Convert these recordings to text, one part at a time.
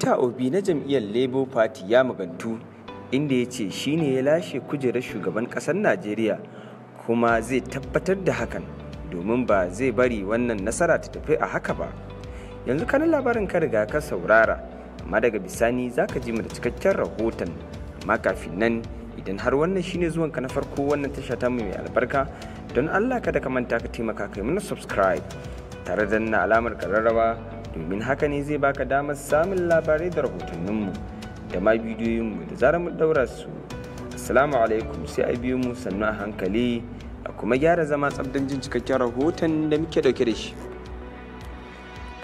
peter obi na jam'iyyar labour party ya magantu inda ya ce shi ne ya lashe kujerar shugaban ƙasar najeriya kuma zai tabbatar da hakan domin ba zai bari wannan nasara ta tafi a haka ba yanzu kanin labarin ka riga ka saurara amma daga bisani za ka ji mu da cikakken rahoton amma kafin nan idan har wannan shine zuwan ka na farko wannan tasha ta mai albarka don allah kada ka manta ka taimaka kai mana subscribe tare da na alamar kararrawa domin haka ne zai baka damar samun labarai da rahotanninmu da ma bidiyoyinmu da zarar mu daura su assalamu alaikum sai a biyo mu sannu a hankali a kuma gyara zama tsabdan jin cikakken rahoton da muke dauke da shi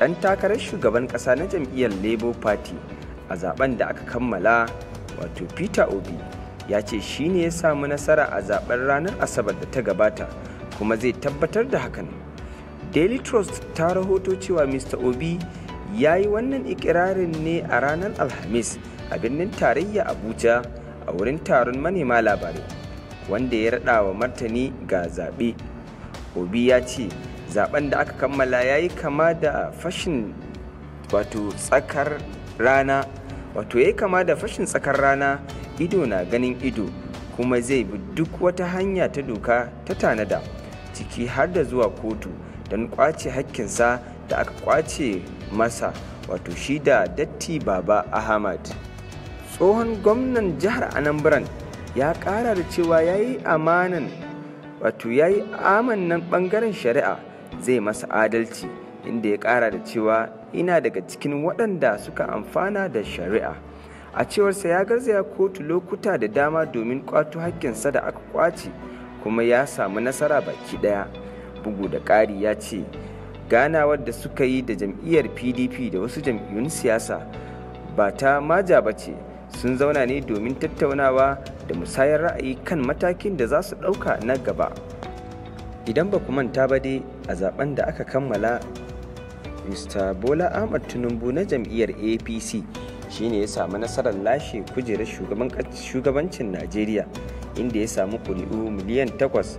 dan takarar shugaban kasa na jam'iyyar labour party a zaben da aka kammala wato peter obi ya ce shi ne ya samu nasara a zaben ranar asabar da ta gabata kuma zai tabbatar da hakan daily trust ta rahoto cewa mr obi ya yi wannan ikirarin ne a ranar alhamis a birnin tarayya abuja a wurin taron manema labarai wanda ya raɗa wa martani ga zaɓe obi ya ce zaben da aka kammala ya yi kama da fashin wato tsakar rana wato ya yi kama da fashin tsakar rana ido na ganin ido kuma zai bi duk wata hanya ta doka ta tanada ciki har da zuwa kotu don kwace hakkinsa da aka kwace masa wato shi da datti baba ahmad tsohon gwamnan jihar anambran ya kara da cewa ya yi amanan wato ya yi amannan bangaren shari'a zai masa adalci inda ya kara da cewa ina daga cikin waɗanda suka amfana da shari'a a cewarsa ya garzaya kotu lokuta da dama domin kwato hakkinsa da aka kwace kuma ya samu nasara baki ɗaya bugu da ƙari ya ce ganawar da suka yi da jam'iyyar pdp da wasu jam'iyyun siyasa ba ta maja ba ce sun zauna ne domin tattaunawa da musayar ra'ayi kan matakin da za su ɗauka na gaba idan ba ku manta ba dai a zaben da aka kammala mr bola ahmad tinubu na jam'iyyar apc shine ya samu nasarar lashe kujerar shugabancin najeriya inda ya samu kuri'u miliyan takwas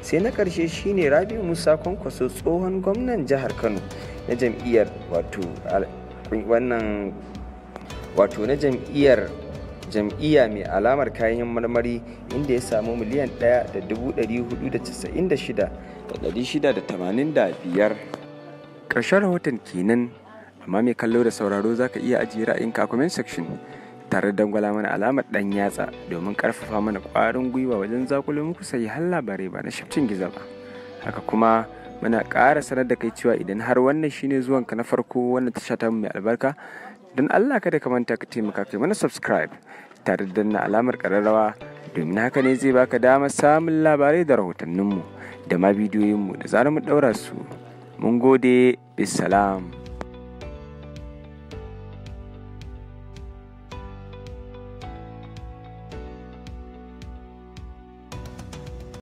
sai na ƙarshe shine Rabi musa kwankwaso tsohon gwamnan jihar kano na jam'iyyar wato wannan wato na jam'iyyar jam'iyya mai alamar kayan marmari inda ya samu miliyan 1,496,685 ƙarshen rahoton kenan amma mai kallo da sauraro zaka iya ajiye ra'ayinka a comment section tare dangwala mana alamar dan yatsa domin karfafa mana kwarin gwiwa wajen zakulo muku sai har labarai ba na shafcin giza ba haka kuma muna ƙara sanar da kai cewa idan har wannan shine zuwanka na farko wannan tasha ta mai albarka don Allah kada ka manta ka taimaka kai mana subscribe tare da danna alamar kararrawa domin haka ne zai baka damar samun labarai da rahotanninmu da ma bidiyoyinmu da zarar mu ɗaura su mun gode bisalam